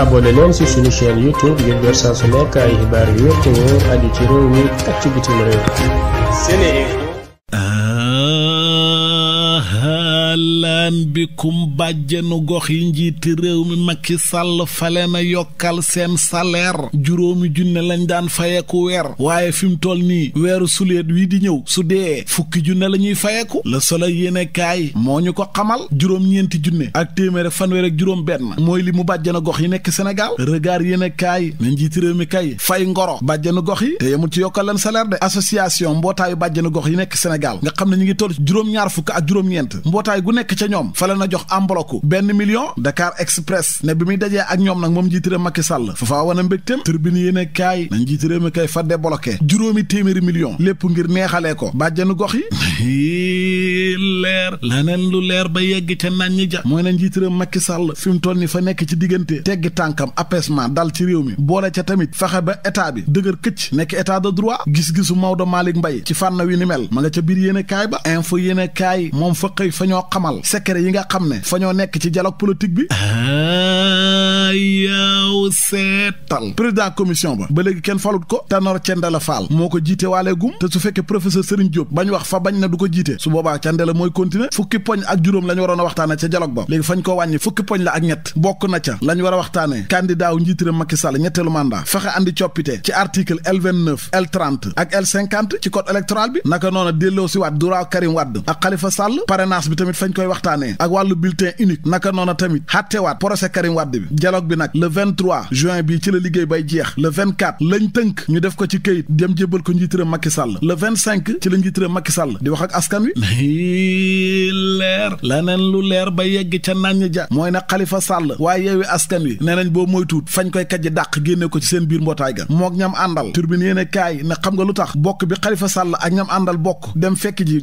abonné leen ci suñu chaîne YouTube ngir door su nekk ay xibaar yu wér te mi ak ci bitim lan bikum bàjjenu gox yi njiiti réew mi Macky Sall fale na yokkal seen salaire juróomi junne lañ daan fayeeku weer waaye fi mu toll nii weeru suleet wii di ñëw su dee fukki junne la ñuy fayeku Le Soleil yéene kaay moo ñu ko xamal juróom-ñeenti junne ak téeméer fanweer ak juróom benn mooy li mu bàjjenu gox yi nekk Sénégal regard yéene kaay na njiiti réew mi kay fay ngoro bàjjenu gox yi te yemul ci yokkal leen salaire de association mbootaayu bàjjenu gox yi nekk Sénégal nga xam ne ñu ngi toll juróom-ñaar fukk ak juróom ñoom fa la na jox ambloku benn million Dakar Express ne bi muy dajee ak ñoom nag moom njiit réew Macky Sall fa faa wane mbégteem turbine yéene kaay na njiit kay fa débloqué juróomi téeméeri million lépp ngir neexalee ko bàjjanu gox yi leer la nen lu leer ba yegg ca naan ñi ja mooy na njiit makki Macky Sall fi mu toll ni fa nekk ci diggante teggi tànkam apaisement dal ci réew mi boole ca tamit fexe ba état bi dëgër këcc nekk état de droit gis-gisu Maodo Malick Mbaye ci fànn wi mel ma ca biir yéene kaay ba info yéene kaay moom fa xëy secret yi nga xam ne fa ñoo nekk ci dialogue politique bi yaaw seetal président commission ba ba léegi kenn falut ko Tanor Thiendella Fall moo ko jiite waale gum te su fekkee professeur Serigne Diop bañ wax fa bañ na du ko jiite su boobaa Thiendella mooy continuer fukki poñ ak juróom la ñu waroon a waxtaane ca dialogue ba léegi fañ ko wàññi fukki poñ la ak ñett bokk na ca la ñu war a waxtaane candidat wu njiitiram Macky Sall ñetteelu mandat fexe andi coppite ci article L29 L30 ak l ci code électoral bi naka noonu delloo si waat droit Karim Wade waxtaanee ak wàllu bulletin unique naka noona tamit xattewaat procès Karim Wade bi dialogue bi nag le 23 juin bi ci la liggéey bay jeex le 24 lañ tënk ñu def ko ci këyit dem jébbal ko njiitëram Macky Sall le 25 ci la njiitëram Macky Sall di wax ak askan wi leer laneen lu leer ba yegg ca naan ja mooy na Khalifa Sall waaye yeewi askan wi nee nañ boo moytuut fañ koy kajji daq génne ko ci seen biir mbootaay ga mook ñam àndal turbine yéene kaay na xam nga lu tax bokk bi Khalifa Sall ak ñam àndal bokk dem fekk ji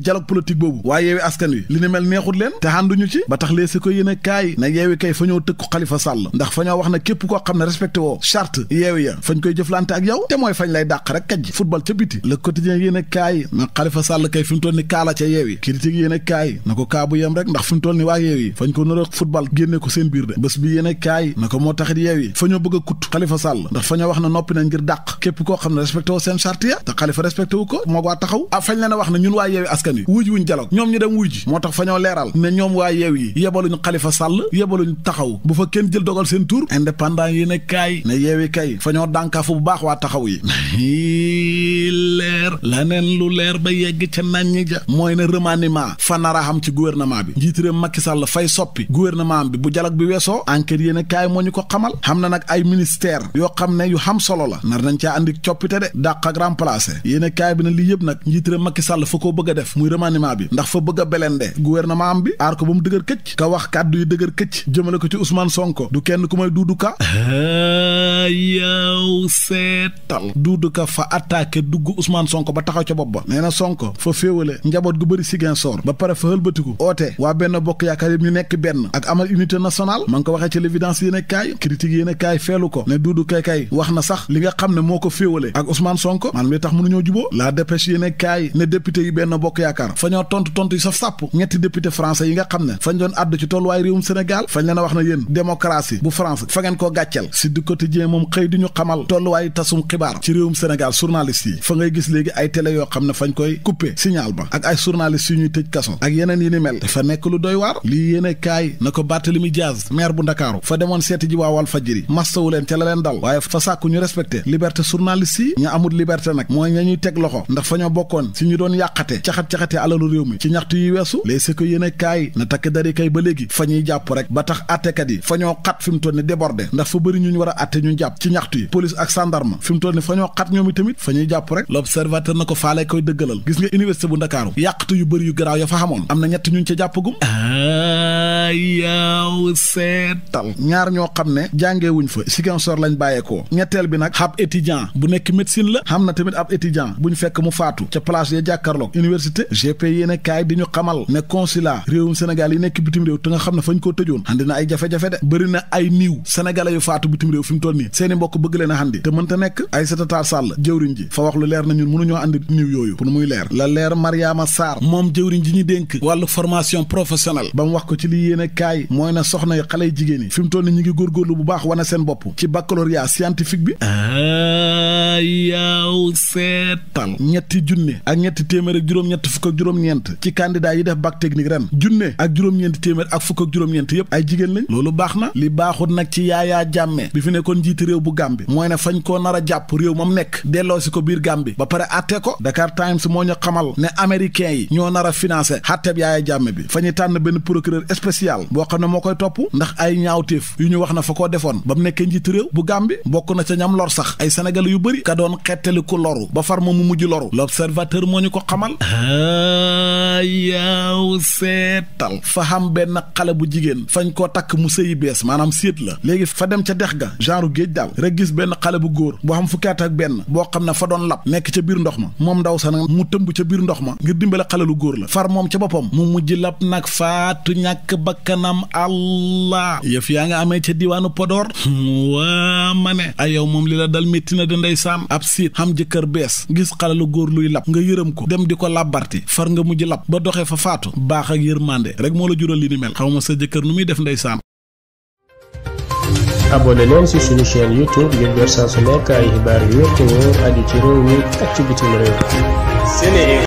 ànduñu ci ba tax lee si ko yéen kaay na yeewi kay fa ñoo tëkku Xalifa Sàll ndax fa ñoo wax ne képp koo xam ne respecté woo charte yeewi ya fañ koy jëflante ak yow te mooy fañ lay dàq rek kaj football ca biti le quotidien yéen a kaay na Xalifa Sàll kay fi mu toll ni kaala ca yeewi critique yéen a kaay na ko kaa yem rek ndax fi mu ni waa yeewi fañ ko nar a génne ko seen biir de bés bi yéen a kaay na ko moo taxit yeewi fa ñoo bëgg a kut Xalifa Sàll wax ne noppi na ngir dàq koo xam ne respecté woo seen charte ya te Xalifa respecté wu taxaw ah fañ leen a wax ne ñun waa yeewi askan wi wuj wuñ dialogue ñoom ñu tax fa ñoo leeral ne ñoom waa yeew yi yebaluñu xalifa sàll yebaluñu taxaw bu fa kenn jël dogal seen tur indépendant yi ne kaay ne yeewi kay fa ñoo dànkaafu bu baax waa taxaw yi leer laneen lu leer ba yegg ca naññi ja mooy ne remaniement fa nar xam ci gouvernement bi njiit réew Macky Sall fay soppi gouvernement bi bu jalak bi weesoo enquête yéen kaay moo ñu ko xamal xam na nag ay ministère yoo xam ne yu xam solo la nar nañ caa indi coppite de dàq ak remplacé yéen kaay bi na lii yëpp nag njiit réew Macky Sall fa bëgg a def muy remaniement ko ba mu dëgër këcc ka wax kàddu yu dëgër këcc ko ci Ousmane du kenn ku may Doudou Ka yow seetal Doudou Ka fa attaqué dugg Ousmane Sonko ba taxaw ca bopp ba nee na Sonko fa féewale njaboot gu bëri Ziguinchor ba pare fa hëlbatiku oote waa benn bokk yaakaar yëpp ñu nekk benn ak amal unité nationale ma ngi ko waxee ci l'évidence yéen a kaay critique yéen a kaay feelu ko ne Doudou Ka kay wax na sax li nga xam ne moo ko féewale ak Ousmane Sonko maanaam li tax ñoo juboo la dépêche yéen a kaay ne député yi benn bokk yaakaar fa ñoo tontu tontu yi saf sàpp ñetti député français yi nga xam ne fañ doon àddu ci tolluwaay réewum Sénégal fañ leen a wax na yéen démocratie bu France fa ngeen koo gàcceel si du quotidien moom xëy di ñu xamal tolluwaay tasum xibaar ci réewum Sénégal journaliste yi fa ngay gis léegi ay tele yoo xam ne fañ koy couper signal ba ak ay journaliste yu ñuy tëj kaso ak yeneen yi ni mel dafa nekk lu doy waar lii yéene kaay na ko Barthélémy Dias maire bu Ndakaaru fa demoon seeti ji waa Walfadjri mastawu leen ca la leen waaye fa sàkku ñu respecté liberté journaliste yi ña amul liberté nag mooy ña ñuy teg loxo ndax fa ñoo bokkoon si ñu doon yàqate caxat-caxate alalu réew mi ci ñaxtu yi weesu léeg si ko yéene kaay na takk dari kay ba léegi fa ñuy jàpp rek ba tax attekat yi fa ñoo xat fi mu toll ni débordé ndax fa bëri ñuñ war a atte ñu jàpp ci ñaxtu yi police ak gendarme fi mu toll ni fa ñoo xat ñoom tamit fa jàpp rek l'observateur na ko faalee koy dëggalal gis nga université bu ndakaaru yàqtu yu bëri yu garaaw ya fa xamoon am na ñett ñuñ ca jàppagum yaaw seetal ñaar ñoo xam ne jàngeewuñ fa Ziguinchor lañ bàyyeekoo ñetteel bi nag ab étudiant bu nekk médecine la xam na tamit ab étudiant buñ fekk mu faatu ca place ya jàkkarloog université gp yéene kaay di ñu xamal Sénégal yi nekk bitim réew te nga xam ne fañ koo tëjoon andi na ay jafe-jafe de bëri na ay niiw sénégalais yu faatu bitim réew fi mu toll nii seeni mbokk bëgg leen a xandi te mënta nekk Aïssata Tall Sall jëwriñ ji fa wax lu leer na ñun mënuñoo andi niiw yooyu pour muy leer la leer Mariama Sarr moom jëwriñ ji ñi dénk wàllu formation professionnelle ba mu wax ko ci lii yéene kaay mooy na soxna yu xale jigéen yi fi mu toll nii ñu ngi góorgóorlu bu baax wane seen bopp ci baccalauréat bi yaaw seetal ñetti ak ñetti téeméer ak juróom-ñett ci candidat yi def bac technique ren junne ak juróom-ñeenti téeméer ak fukk ak juróom-ñeent yëpp ay jigéen lañ loolu baax na li baaxul nag ci yaayaa jàmmee bi fi nekkoon jiiti réew bu bi mooy ne fañ koo nar a jàpp réew mam nekk delloo si ko biir bi ba pare atte ko Dakar Times moo ñu xamal ne américain yi ñoo nar a financé xatteb yaaya jàmme bi fa tànn benn procureur spécial boo xam ne moo koy topp ndax ay ñaawteef yu ñu wax na fa koo defoon ba mu nekkee njiiti réew bu Gàmbi bokk na ca ñam lor sax ay sénégalais yu bëri ka doon xettali ku loru ba far ma mu mujj loru l'observateur moo ñu ko xamal ah, Sénégal fa xam benn xale bu jigéen fañ koo takk mu sëyi bees maanaam séet la léegi fa dem ca dex ga genre géej daal rek gis benn xale bu góor boo xam fukkaat ak benn boo xam ne fa doon lab nekk ca biir ndox ma moom ndaw sa nag mu tëmb ca biir ndox ma ngir dimbale xale lu góor la far moom ca boppam mu mujj lab nag faatu ñàkk bakkanam allah yëf yaa nga amee ca diwaanu podoor waa ma ne ay yow moom li la dal métti na de saam ab siit xam jëkkër bees gis xale góor luy lab nga yërëm ko dem di ko làbbarti far nga mujj lab ba doxee de rek moo la jural li xaw ma sa jëkkër nu muy def ndeysaan. abonné leen ci suñu chaîne youtube ngir jot su nekk ay xibaar yu wér te wóor aju ci réew mi ak bitim réew.